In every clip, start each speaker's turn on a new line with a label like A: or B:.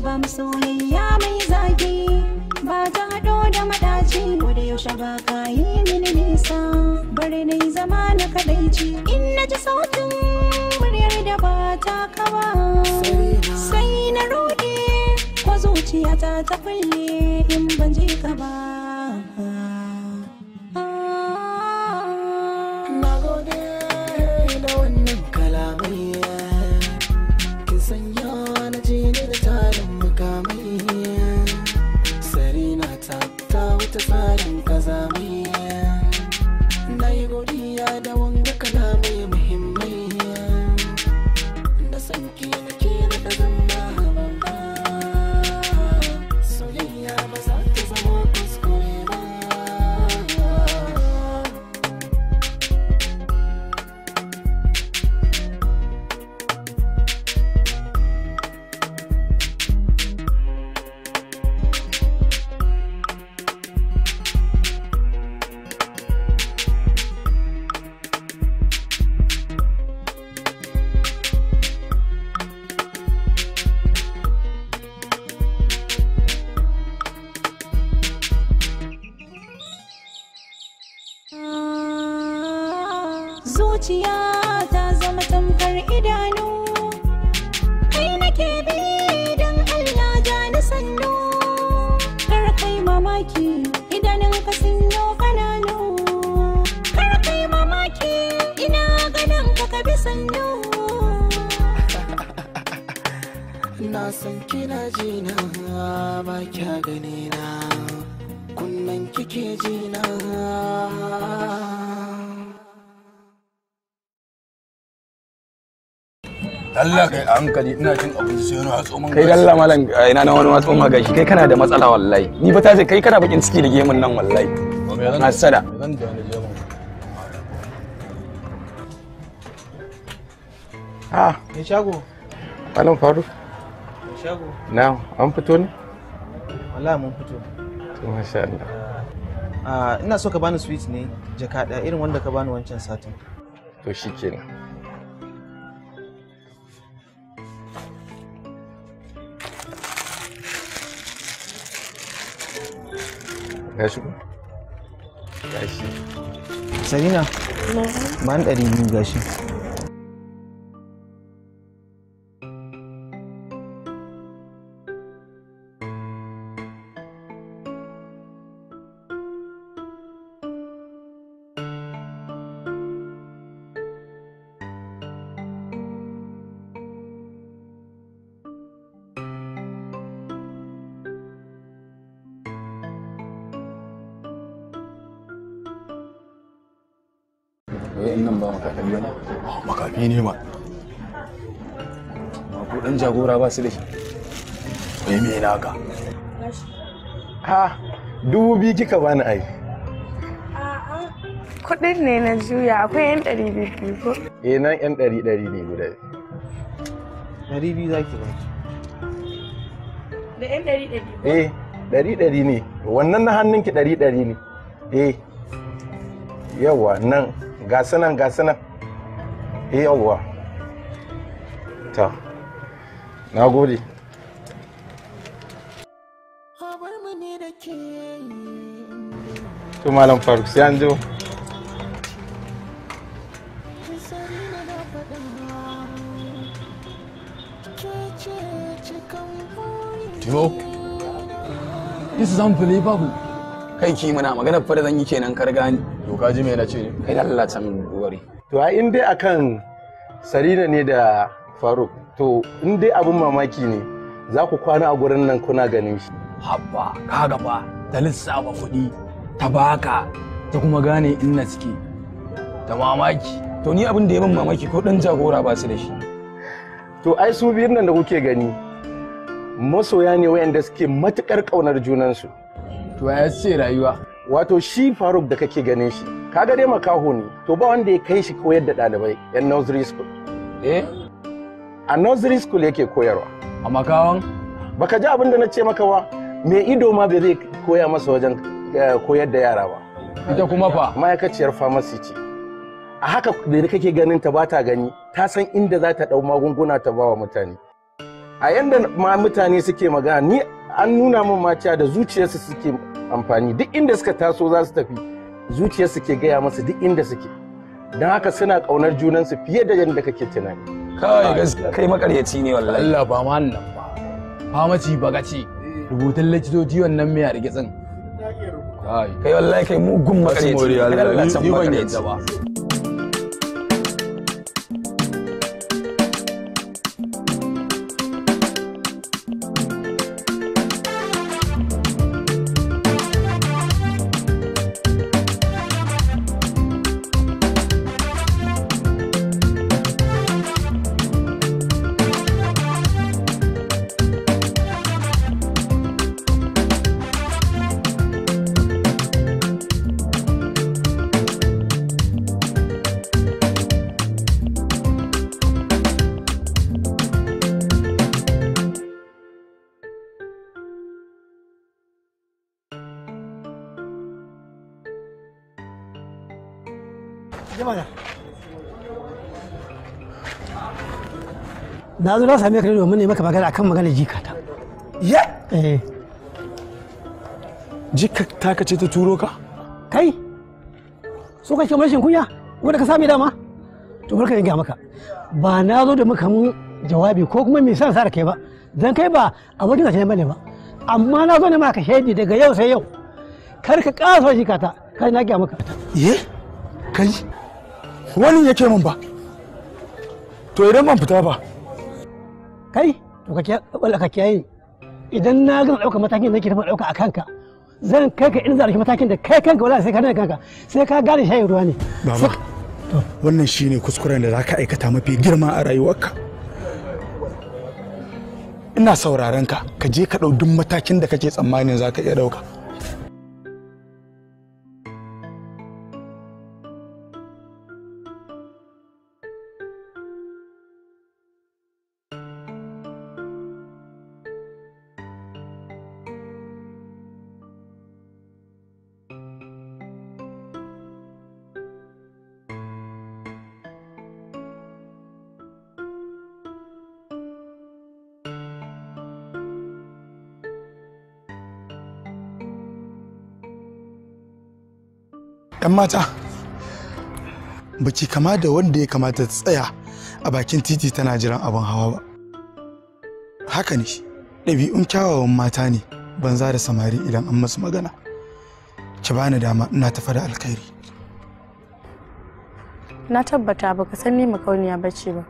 A: ya ba mu soyayya mai zagi ba ta hado da maɗaci ko da yaushe ba ka yi mini nisa bari na yi zama na kaɗaici in na ji sautin muryar da ba ta kawa sai na ruɗe ko zuciyata ta kulle in ban ji ka ba
B: hankali ina cin abinci sai na hatso man Kai dalla malam ina na wani
C: hatso man gashi kai kana da matsala wallahi. Ni ba ta ce kai kana bakin ciki da gemun nan wallahi. Hasada.
D: Ah. Me shago? Malam Faru. Me shago? Na, an fito
E: ne? Wallahi mun fito.
D: To masha Allah.
E: Ah, ina so ka bani sweet ne jaka da irin wanda ka bani wancan satin.
D: To shikenan.
E: ya shigo gashi sarina ban ɗari biyu gashi
A: ni ne ma
C: ba jagora ba su da shi bai me
D: na ka ha dubu biyu kika bani ai
F: kudin ne na juya akwai yan ɗari biyu ko
D: eh nan yan dari dari ne guda dari biyu zaki ba
F: da yan dari dari
D: eh ɗari ɗari ne wannan na hannunki dari dari ne eh yawa nan ga sanan ga sanan Eh yawwa ta na gode to malam faruk sai an zo
C: this is unbelievable. Kai ki muna maganar fara zan yi kenan karga ni. To ka ji me na ce ne? Kai lallacin duwari.
D: to a in dai akan sarina ne da faruk to in dai abin mamaki ne za ku kwana a gurin nan
C: kuna ganin shi habba ka gaba ta lissafa kuɗi ta baka ta kuma gane inna suke da mamaki to ni abin da ya min mamaki ko ɗan jagora ba su da shi
D: to ai su biyun nan da kuke gani masoya ne wayanda suke matukar ƙaunar junansu to ya ce rayuwa wato shi faruk da kake ganin shi kaga dai makaho ne to ba wanda ya kai shi koyar da ɗalibai yan nursery school eh a nursery school yake koyarwa a makawan baka ji abin da na ce maka ba me ido ma bai zai koya masa wajen eh, koyar da yara ba ita kuma fa ma'aikaciyar pharmacy ce a haka da kake ganin ta ba ta gani ta san inda za ta ɗau magunguna ta ba wa mutane a yanda ma mutane suke magana ni an nuna min mata da zuciyarsu suke amfani duk inda suka taso za su tafi zuciyarsu ke gaya masa duk inda suke don haka suna ƙaunar junansu fiye da yadda kake tunani
C: kawai gaskiya kai makaryaci ne wallahi Allah ba ma Allah ba famaci bagaci rubutun likitoci wannan mai argitsin kai wallahi kai mugun makaryaci ne Allah can makaryaci ba
E: na zo na same ka domin ne maka magana akan magana jikata ya eh jika ta kace ta turo ka kai so kake shin kunya wanda ka sami dama to barka in ga maka ba na zo da maka mun jawabi ko kuma me san sa kai ba dan kai ba a wajen ka ne bane ba amma na zo ne maka shaidi daga yau sai yau kar ka kasa jikata kai na ga maka
C: eh kai
E: wani yake mun ba to idan ban fita ba kai to ka kiyaye idan na ga ɗaukar matakin da nake tafi dauka a kanka zan kai ka in zarki matakin da kai kanka wala sai ka nuna kanka
C: sai ka gane shayin ruwa ne baba wannan shine kuskuren da za ka aikata mafi girma a rayuwarka ina sauraron ka ka je ka dau duk matakin da kake tsammanin za ka iya ɗauka 'yan mata baki kama da wanda ya kamata ta tsaya a bakin titi tana jiran abin hawa ba haka ne ɗabi'un kyawawan mata ne banza da samari idan an masu magana ki bani dama ina tafa da alkhairi
F: na tabbata baka san ni makauniya ba ce ba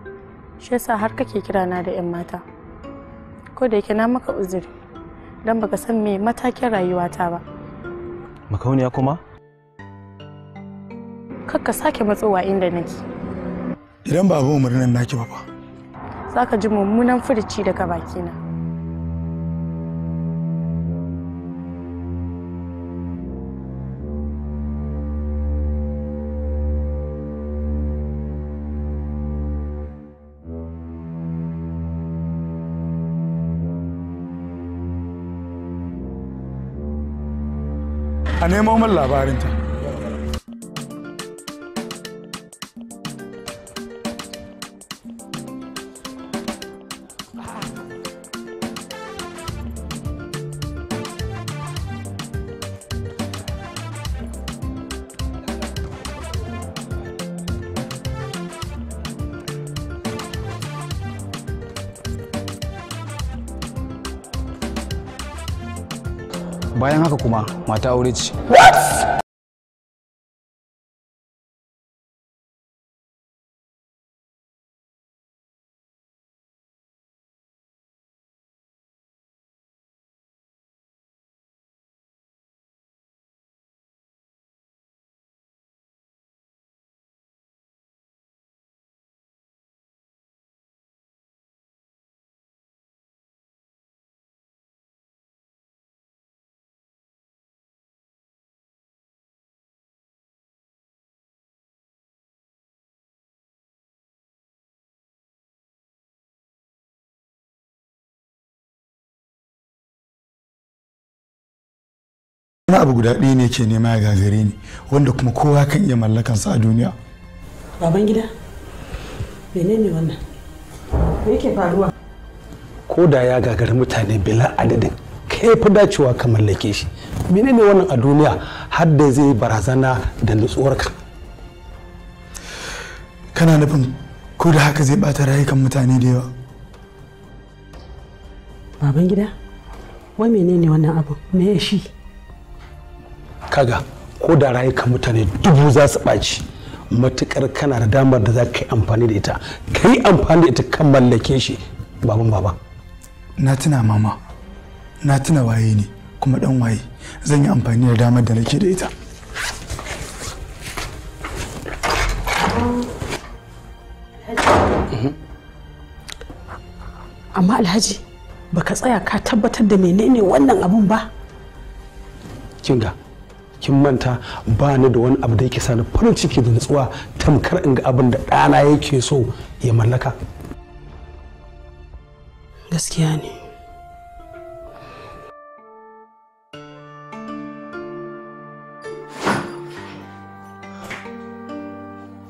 F: shi yasa har kake kira na da 'yan mata ko da yake na maka uzuri don baka san me matakin rayuwata ba
E: makauniya kuma
F: kar sake matsowa inda nake
C: idan ba abin umarnin naki ba
F: ba za ka ji mummunan furici daga bakina
C: a nemo min labarinta
A: mata aure ce what wani abu guda ɗaya ne ke nema ya gagare ni wanda
C: kuma kowa kan iya mallakansa a duniya
B: baban gida menene wannan
G: me yake faruwa
C: ko da ya gagari mutane bila adadin kai fi dacewa ka mallake shi menene wannan a duniya har da zai barazana da nutsuwarka kana nufin ko da haka zai bata rayukan mutane da yawa baban gida wai menene wannan abu me shi kaga ko da rayuka mutane dubu za su ɓaci matukar kana da damar da za ka yi amfani da ita ka yi amfani da ita kan mallake shi baban baba na tuna mama na tuna waye ne kuma dan waye zan yi amfani da damar da nake da ita
F: amma alhaji baka tsaya ka tabbatar da menene wannan abun ba
C: kinga kin manta ba ni da wani abu da yake sani farin ciki da nutsuwa tamkar in ga abin da ɗana yake so ya mallaka
G: gaskiya ne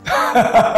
G: ha ha ha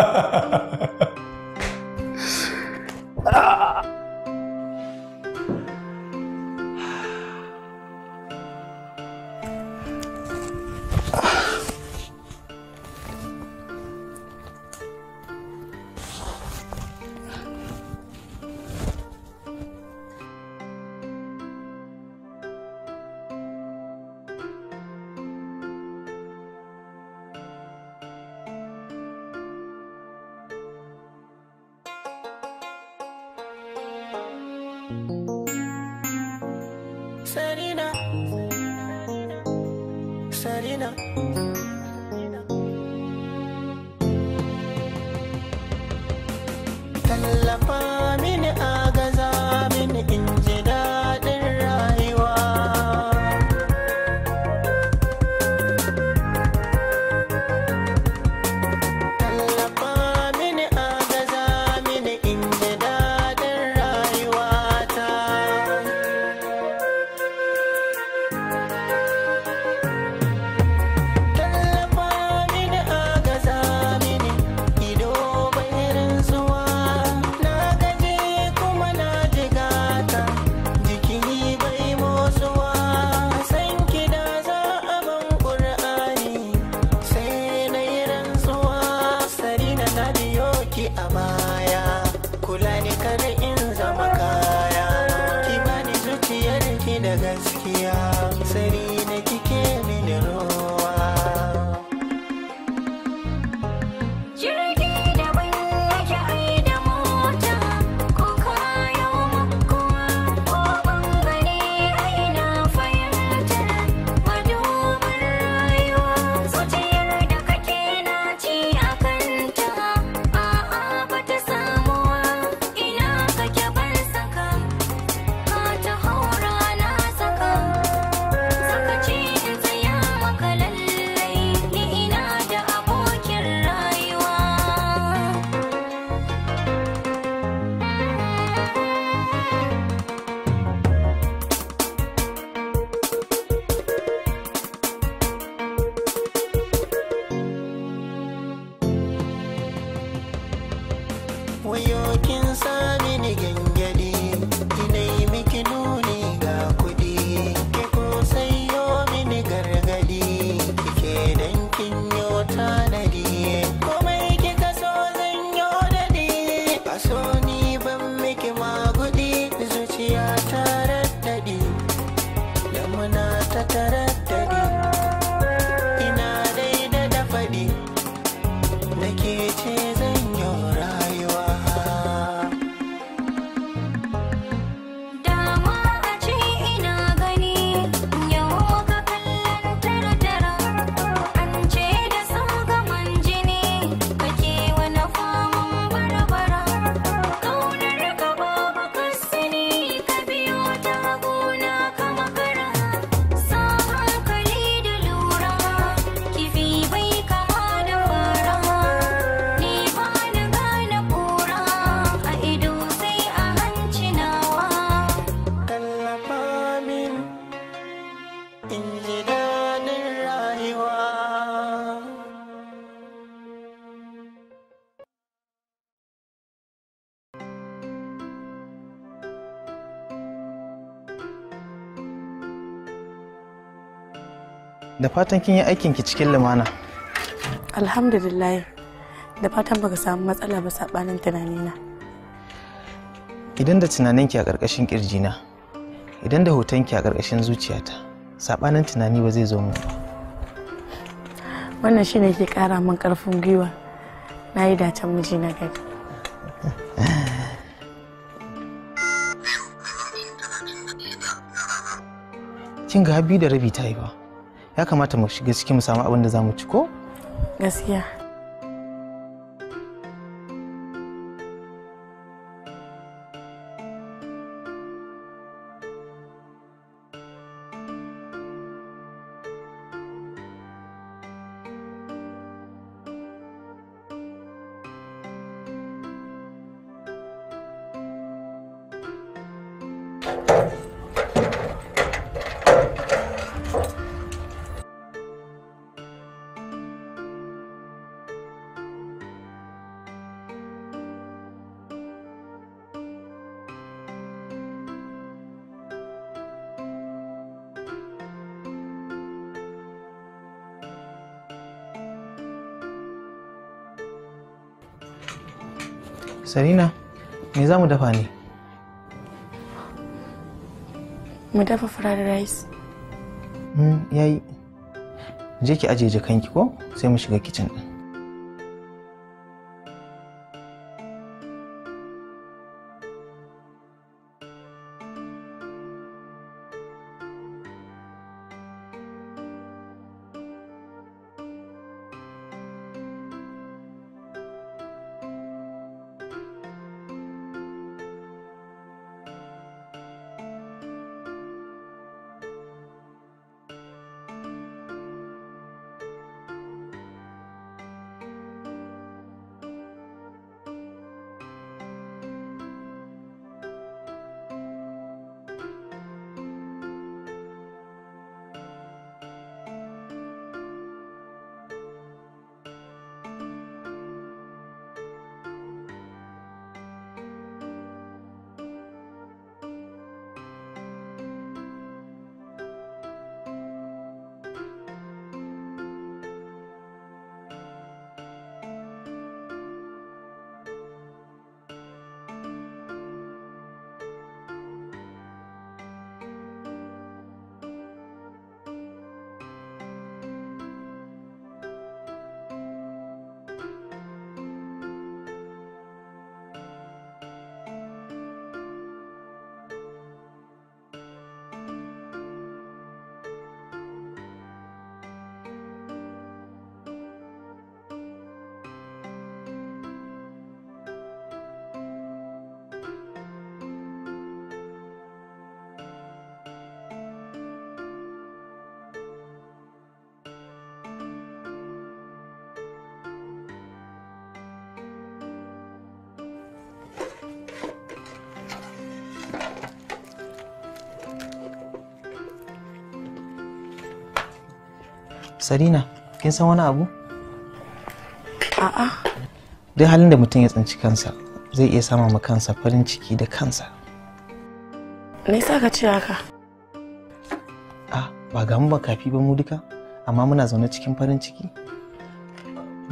E: da fatan kin yi aikinki cikin lumana
F: alhamdulillah da fatan baka samu matsala ba sabanin tunanina
E: idan da tunaninki a ƙarƙashin ƙirjina idan da hotonki a ƙarƙashin zuciyata sabanin tunani ba zai zo mu
F: wannan shine ke ƙara min ƙarfin gwiwa na yi dacen miji na gari
E: kin ga habi da rabi ta yi ba ya kamata mu shiga ciki mu samu abin da za mu ci ko gaskiya sarina me za mu dafa ne
F: mu dafa fried rice
E: Hmm, yayi je ki ajiye jakanki ko sai mu shiga kicin din sarina kin san wani abu a'a duk halin da mutum ya tsinci kansa zai iya sama ma kansa farin ciki da kansa
F: me yasa ka ce haka
E: a ba ga mu ba kafi ba mu duka amma muna zaune cikin farin ciki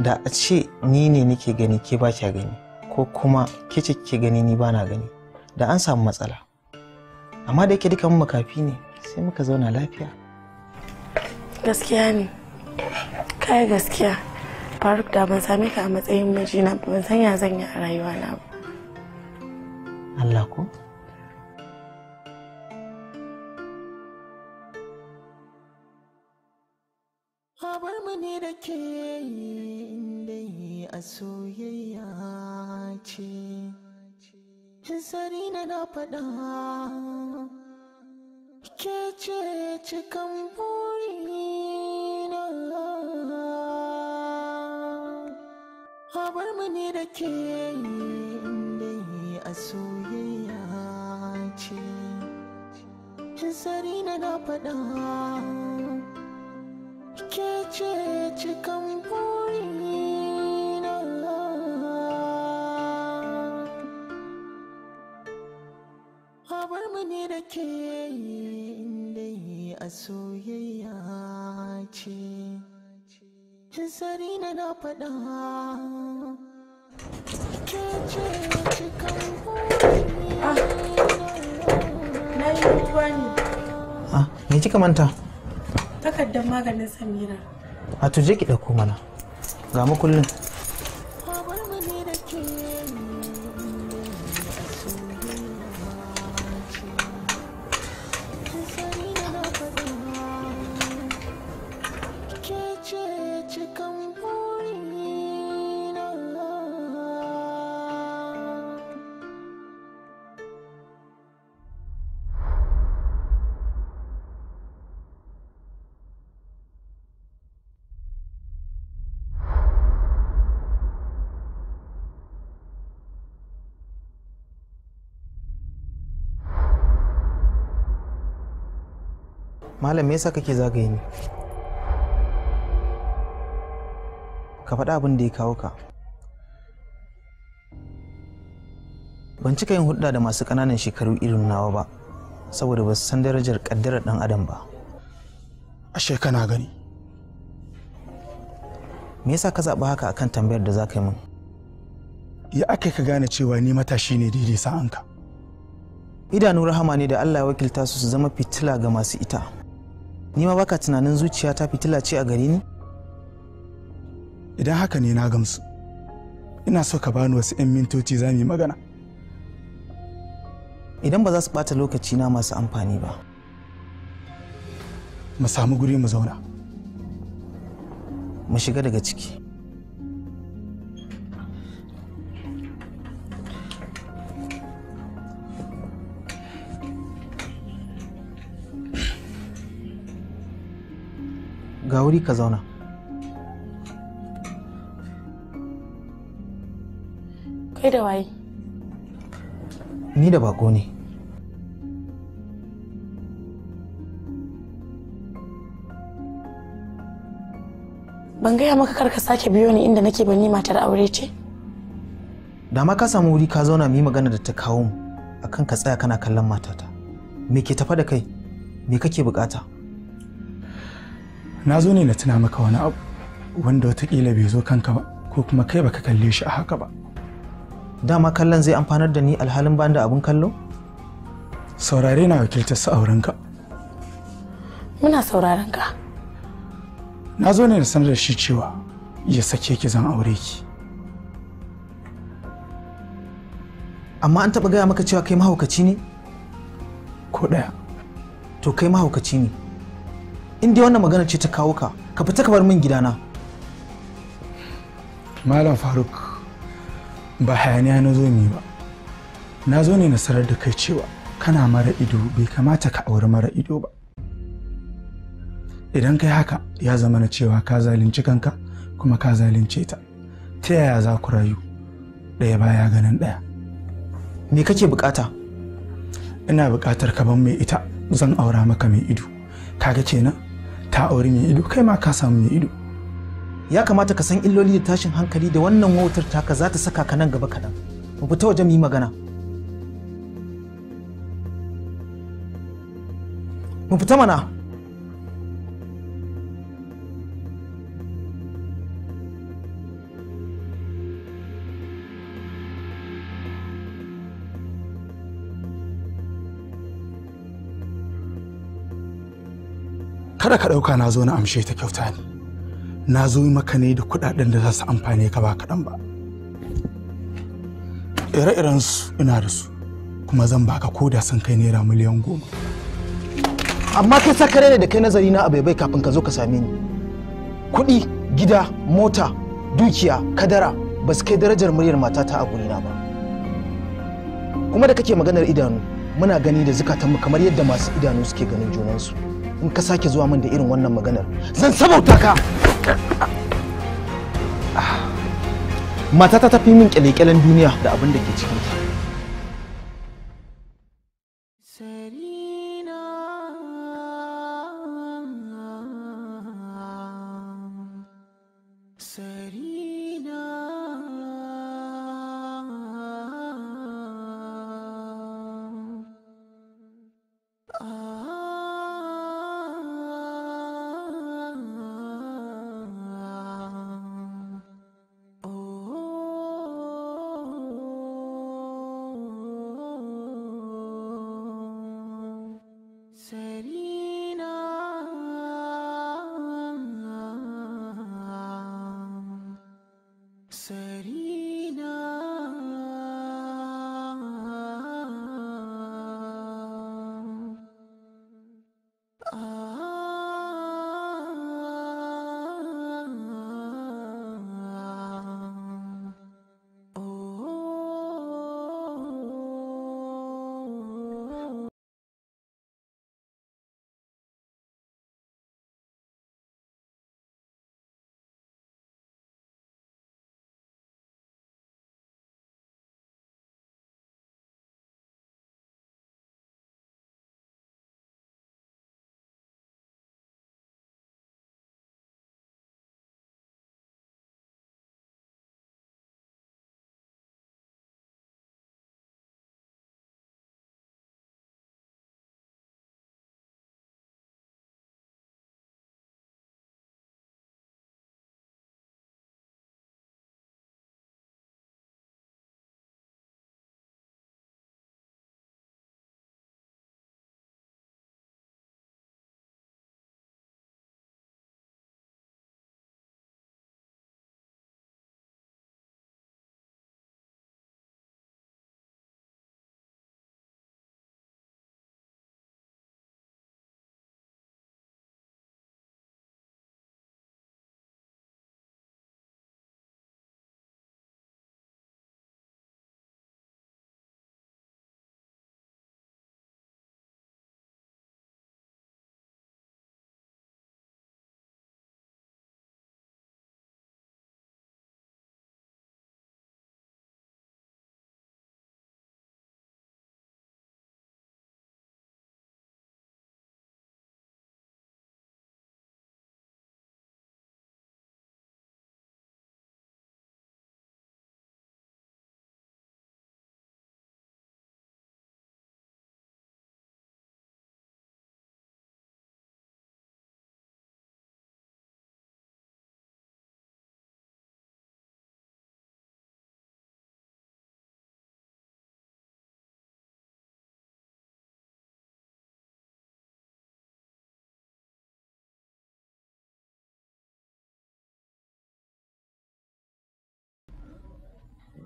E: da a ce ni ne nake gani ke ba kya gani ko kuma ke ce ke gani ni ba na gani da an samu matsala amma da yake duka mu makafi ne sai muka zauna lafiya
F: gaskiya ne kai gaskiya faruk da ban same ka a matsayin mijina ban san ya zan yi a rayuwa na ba
E: Allah ko
B: Habar mani da ke yi a soyayya ce, Sari na na faɗa, ke ce cikin buru. bar mu ne da ke inda a soyayya ce sari na na faɗa ke ce cikin buri na bar mu ne da ke inda a soyayya ce sari na na faɗa
E: Ah, ah, me kika manta?
F: Takardar maganin Samira.
E: A ah, tuje ki ɗauko mana. Ga mu kullun malam me yasa kake zagaye ni ka faɗa abin da ya kawo ka ban cika yin hulɗa da masu ƙananan shekaru irin nawa ba saboda ba san darajar ƙaddarar ɗan adam ba ashe kana gani me yasa ka zaɓi haka akan tambayar da za ka yi min ya ake ka gane cewa ni matashi ne daidai sa'anka idanu rahama ne da allah ya wakilta su su zama fitila ga masu ita ni ma baka tunanin zuciya ta fitila ce a gare ni
C: idan haka ne na gamsu ina so ka bani wasu 'yan mintoci za mu magana
E: idan ba za su ɓata lokaci na masu amfani ba mu samu guri mu zauna mu shiga daga ciki wuri ka zauna kai da waye ni da bako ne
F: ban gaya maka kar ka sake biyo ni inda nake bani ni matar aure ce
E: da ma ka samu wuri ka zauna mu yi magana da ta kawo mu akan ka tsaya kana kallon matata me ke tafa da kai me kake bukata na zo ne na tuna maka wani abu wanda watakila bai zo kanka ba ko kuma kai baka kalle shi a haka ba dama kallon zai amfanar da ni alhalin ban da abin kallo saurare na wakiltar aurenka
F: muna saurarenka.
E: na zo ne na sanar da shi cewa ya sake ki zan aure ki amma an taɓa gaya maka cewa kai mahaukaci ne ko ɗaya to kai mahaukaci ne in dai wannan magana ce ta kawo ka ka fita ka bar min gidana malam faruk ba hayaniya na zo ne ba
C: na zo ne na sanar da kai cewa kana mara ido bai kamata ka auri mara ido ba idan kai haka ya zama na cewa ka zalunci kanka kuma ka zalunce ta ta yaya za ku rayu ɗaya baya ganin ɗaya me kake bukata ina bukatar ka ban mai ita zan aura maka mai ido
E: kaga kenan ta auri mai ido kai ma ka samu mai ido ya kamata ka san illoli da tashin hankali da wannan wautar taka za ta saka ka nan gaba kaɗan mu fita waje mu yi magana mu fita mana
C: kada ka ɗauka na zo na amshe ta kyauta ne na zo maka ne da kuɗaɗen da za su amfane ka ba kaɗan ba ire-iren su ina da su kuma zan baka ko da sun kai naira miliyan goma amma
E: kai sakare ne da kai nazari na abai kafin ka zo ka same ni kuɗi gida mota dukiya kadara ba su kai darajar muryar matata a gurina ba kuma da kake maganar idanu muna gani da zukatanmu kamar yadda masu idanu suke ganin junansu. in ka sake zuwa min da irin wannan maganar zan sabauta ka ah. matata ta fi min kyale-kyalen duniya da abin da ke cikinta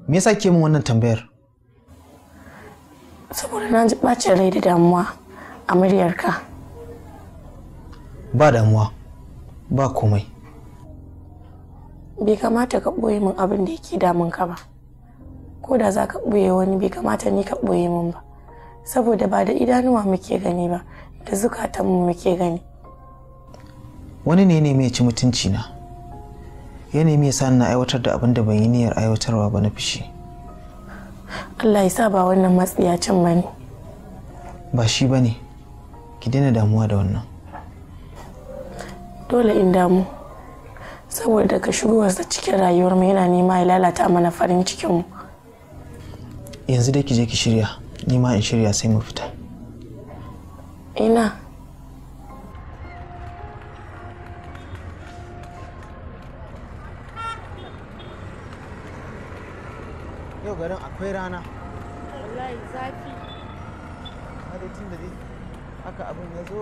E: me yasa ke min wannan tambayar
F: saboda na ji bacin rai da damuwa a muryarka
E: ba damuwa ba komai
F: bai kamata ka ɓoye min abin da yake damun ka ba ko da za ka ɓoye wani bai kamata ni ka ɓoye min ba saboda ba da idanuwa muke gani ba da zukatanmu muke gani
E: wani ne ne mai ci mutuncina. na ya nemi ya na aiwatar da abin da ban yi niyyar aiwatarwa ba na fishi
F: Allah ya sa ba wannan matsiyacin ba ne
E: ba shi ba ne ki daina damuwa da wannan
F: dole in damu saboda daga shigowarsa cikin rayuwar mu yana nema ya lalata mana farin cikinmu
E: yanzu dai ki je ki shirya nima in shirya sai mu fita ina yau garin akwai rana
F: wallahi zafi
E: dai tun da dai haka abin ya zo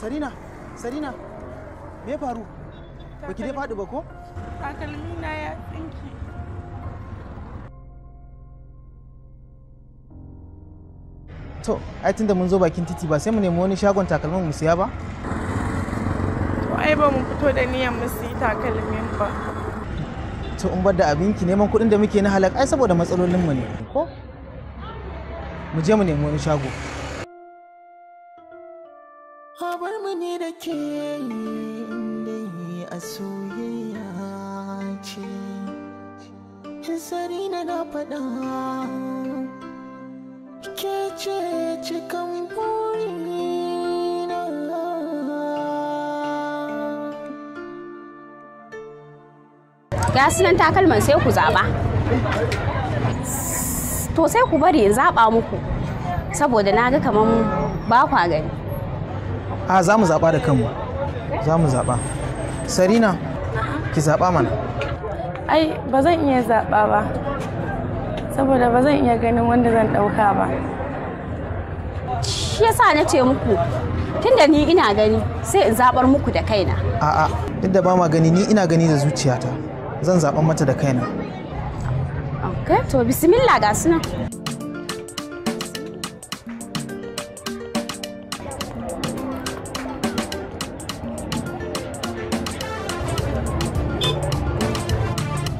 E: sarina sarina me faru ba ki dai faɗi ba ko
F: takalmi na ya tsinki
E: to ai tunda mun zo bakin titi ba sai mu nemi wani shagon takalmin mu siya ba to
F: ai ba mu fito da niyan mu yi takalmin ba
E: to in bar da abinki neman kuɗin da muke na halak ai saboda matsalolin mu ne ko mu je mu nemo wani shago
F: ga sunan takalman sai ku zaɓa to sai ku bari in zaɓa muku saboda na ga kamar ba kwa gani
E: a za mu zaɓa da kanmu za mu zaɓa sarina ki zaɓa mana
F: ai ba zan iya zaɓa ba saboda ba zan iya ganin wanda zan ɗauka ba shi yasa na ce muku tunda ni ina gani sai in zabar muku da kaina
E: a'a duk da ba ma gani ni ina gani da zuciyata zan zaɓa mata da kaina
F: ok to bismillah ga suna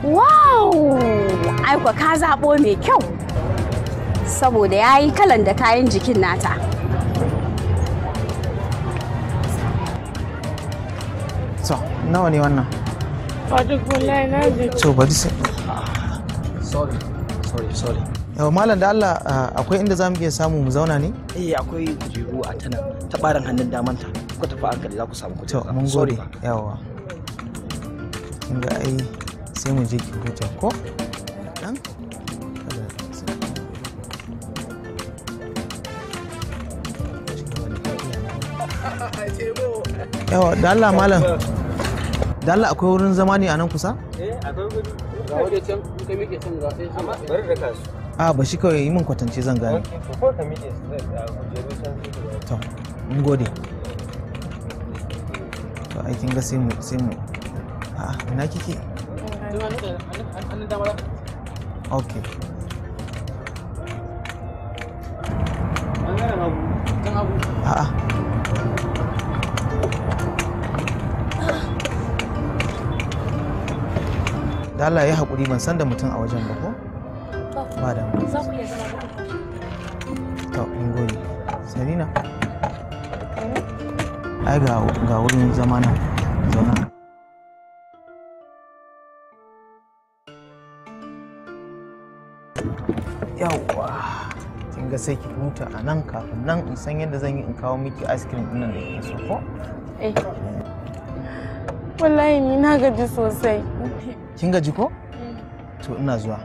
F: wow Aikwa ka zaɓo mai kyau saboda ya yi kalan da kayan jikin nata
E: so nawa ne wannan
F: to bari sai sorry
E: sorry sorry yawa malam da Allah akwai inda zamu iya samu mu zauna ne eh akwai kujeru a tana ta barin hannun damanta ku tafi hankali za ku samu kujeru to mun gode yawa kin ga ai sai mu je ki huta ko dan yawa da Allah malam da Allah akwai wurin zama ne a nan kusa?
A: eh akwai wuri ga waje can kuka
E: miƙe can ga sai amma bari da kasu a ba shi kawai yi min kwatance zan gane ko ka miƙe to mun gode to ai kin ga sai mu sai mu a ina kike okay da Allah ya haƙuri ban san da mutum a wajen ba ko ba da to in gode sarina eh? ai ga wurin zama nan zauna yawwa kin ga sai ki huta a nan kafin nan in san yadda zan yi in kawo miki ice cream din nan da kike so ko
F: eh wallahi ni na gaji sosai
E: kin gaji ko to ina zuwa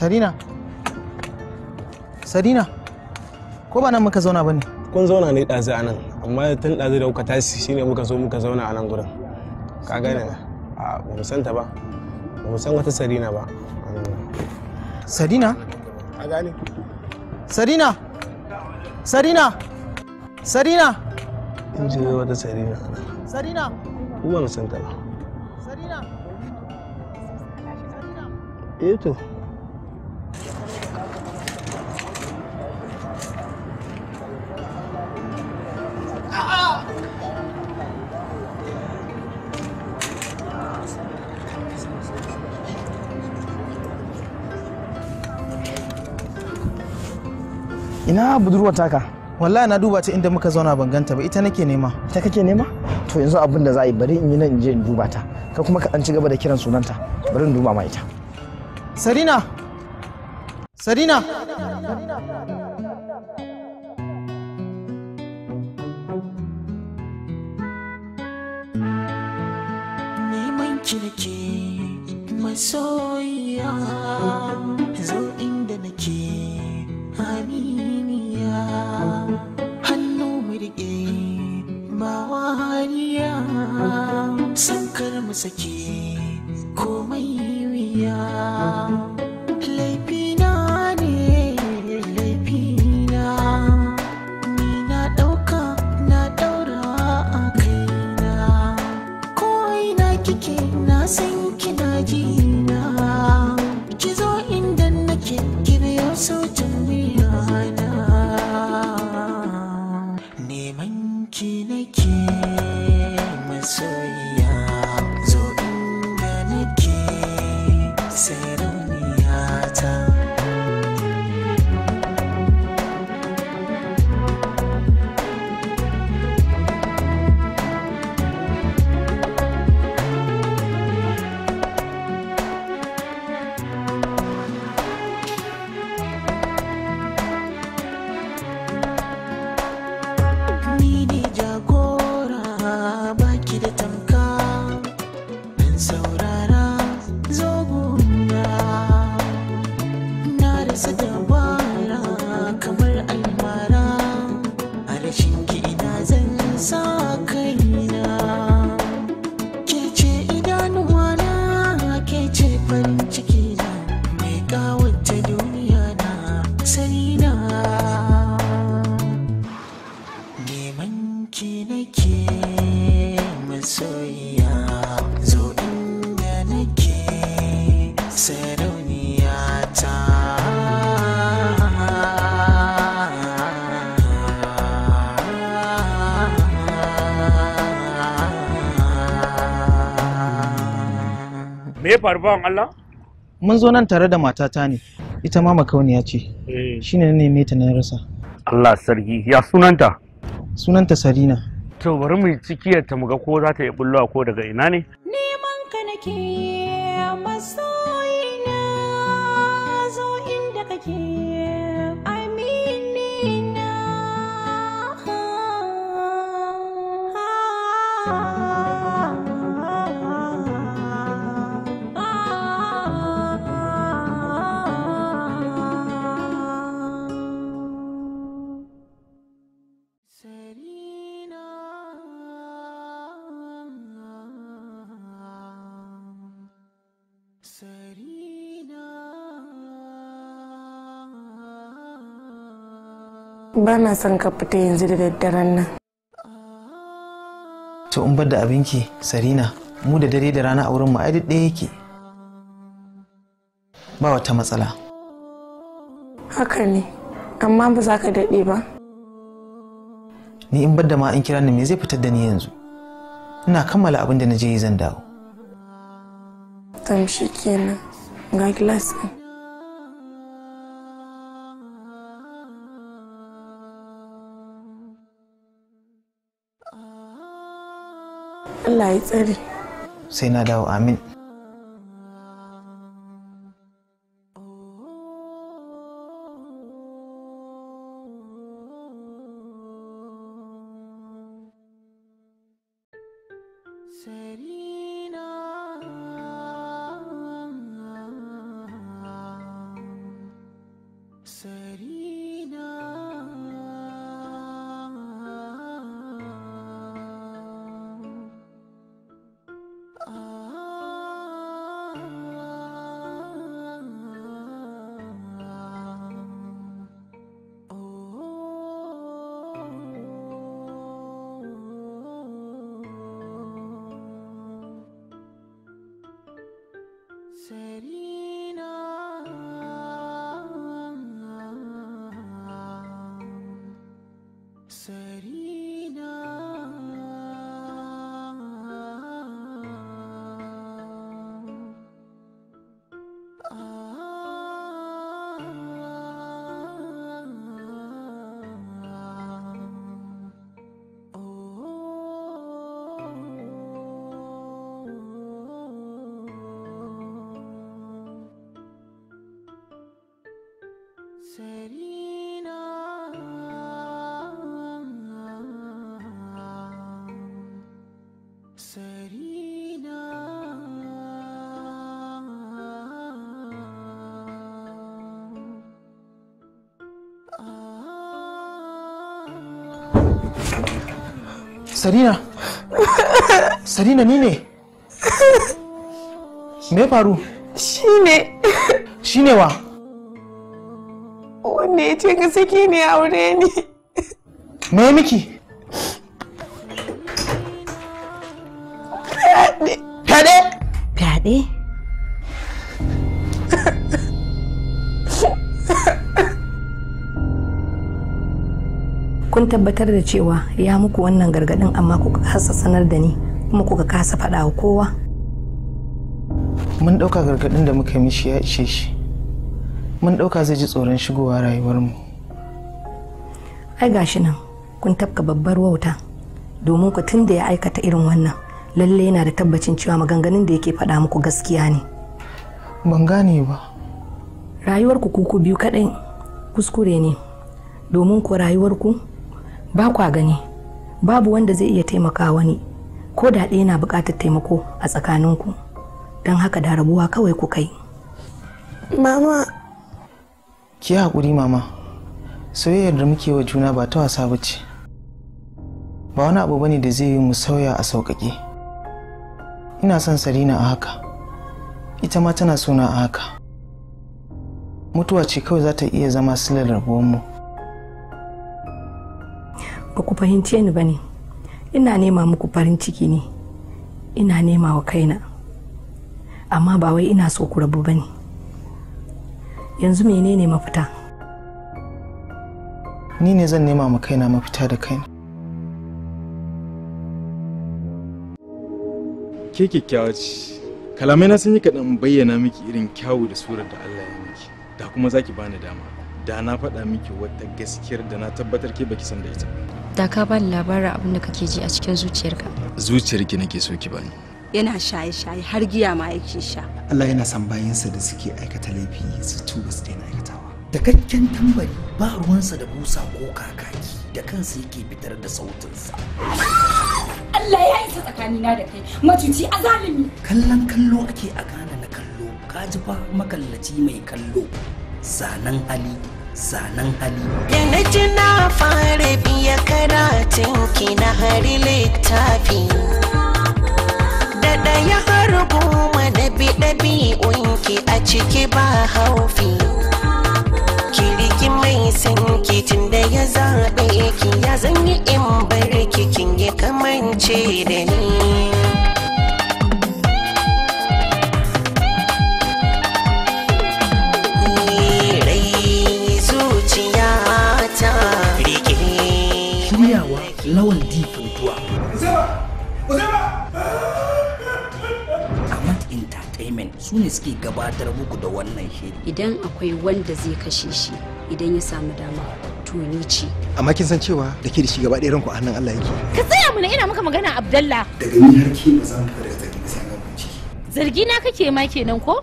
E: Sarina. Sarina. Ko ba nan muka zauna bane? Kun zauna ne ɗazu anan. amma tun ɗazu da kuka tashi shine muka so muka zauna a nan gurin ka gane a ba mu ba musan san wata sarina ba sarina a gane sarina sarina sarina in ji wata sarina sarina kuma ba mu ba sarina eh to ina budurwar taka wallahi na duba ta inda muka zauna ban ganta ba ita nake nema ita kake nema to yanzu abin da za a yi bari in yi nan in je in duba ta ka kuma ka ci gaba da kiran sunanta bari in duba ma ita sarina sarina
B: neman kirki zo inda nake hannu mirke ba wariya sankar mu sake komai wuya me ya faru ba Allah
E: mun zo nan tare da matata ne ita ma makauniya ce eh. Shi ne neme ta na rasa
D: Allah sarki ya sunanta
E: sunanta Sarina
D: to bari mu cikiyar ta muga ko za ta yi bullowa ko daga ina ne neman
A: ka nake
F: bana son ka fita yanzu da daddaren nan
E: to in bar da abinki sarina mu da dare da rana a wurin mu ai da ɗaya yake ba wata matsala
F: haka ne amma ba za ka daɗe ba
E: ni in bar da ma in kira ni me zai fitar da ni yanzu ina kammala abin da na je zan dawo
F: tam kenan ga gilas ɗin Allah ya tsare
E: sai na dawo amin Seria sarina sarina ni ne me faru shine ne wa wanne ya ce ka saki ne aure ni me miki
H: fyaɗe fyaɗe fyaɗe kun tabbatar da cewa ya muku wannan gargadin amma kuka kasa sanar da ni kuma kuka kasa faɗa wa kowa
E: mun ɗauka gargadin da muka mishi ya ishe shi mun ɗauka zai ji tsoron shigowa rayuwarmu
H: ai gashi nan kun tafka babbar wauta domin ku tun da ya aikata irin wannan lalle yana da tabbacin cewa maganganun da yake faɗa muku gaskiya ne ban gane ba rayuwarku kuku biyu kaɗai kuskure ne domin ku rayuwarku ba kwa gani babu wanda zai iya taimaka wani ko da ɗaya na buƙatar taimako a tsakaninku don haka da rabuwa kawai ku kai mama ki
E: haƙuri mama soyayyar da muke wa juna ba ta wasa ba ce ba wani abu bane da zai yi mu sauya a sauƙaƙe ina son sarina a haka ita ma tana suna a haka mutuwa ce kawai za ta iya zama silar mu.
H: ba ku fahimce ni ba ne ina nema muku farin ciki ne ina nema wa kaina amma ba wai ina so ku rabu ba ne yanzu menene mafita
E: ni ne zan nema ma kaina mafita da kaina
C: ke kyakkyawa ce
D: kalamai na sun yi kaɗan bayyana miki irin kyawu da surar da Allah ya miki da kuma zaki bani dama da na faɗa miki wata gaskiyar da na tabbatar ke baki san da ita
H: da ka bani labarin abin da kake ji a cikin zuciyarka
E: zuciyar ki nake so ki bani
H: yana shaye-shaye har giya ma yake sha
E: Allah yana son bayansa da suke aikata laifi su tuba su daina aikatawa da
H: kakken tambari ba ruwansa da busa ko kakaki da kansa yake fitar da sautinsa Allah ya isa tsakanina da kai matuci a zalimi kallon kallo ake a gane na kallo ka ji fa makallaci mai kallo zanen ali. zanen hali yana ji
G: na fara biya karatun ki na hari littafi da ɗaya har goma da bi unki a ciki ba haufi kiriki mai san da ya zaɓe ki ya zanyi in bar kikin ya kamance da ni
H: su ne suke gabatar muku da wannan shiri idan akwai wanda zai kashe shi idan ya samu dama to ni ce
E: amma kin san cewa da ke da shi gaba ɗaya ranku a hannun Allah yake
F: ka tsaya mana ina maka magana Abdallah
E: daga ni har ke ba zan fara zargi ba sai ga
F: ciki. zargi na kake ma kenan ko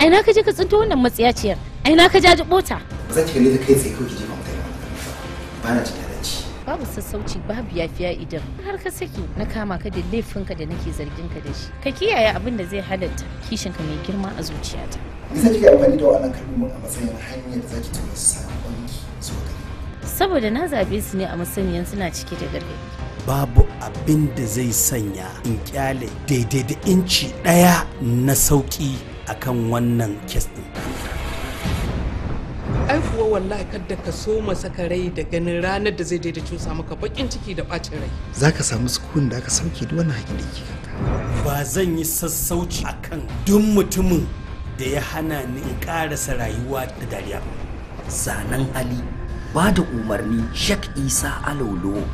F: ai na kaje ka tsinto wannan matsiyaciyar ai na ka jaji bota
E: zan ci kalle da kai tsaye kawai ki ba mutane ba na cikin
F: babu sassauci babu yafiya idan har ka saki na kama ka da laifinka da nake zargin ka da shi ka kiyaye abin da zai halatta ka mai girma a zuciyata
E: me zaki ga amfani da wannan kalmomin a matsayin hanyar da zaki tura sakonki
F: saboda na zabe su ne a masaniyan suna cike da gargadi.
C: babu abin da zai sanya in kyale daidai da inci ɗaya na sauki akan wannan kes ɗin
H: ai kuwa wallahi kadda ka so saka rai da ganin ranar da zai da cusa maka bakin ciki da bacin rai
E: za ka samu sukun da aka sauke duk wani haƙin da
C: ba zan yi sassauci akan duk mutumin da ya hana ni in
B: karasa rayuwa da dariya zanen Ali
H: ba da umarni shak isa alolo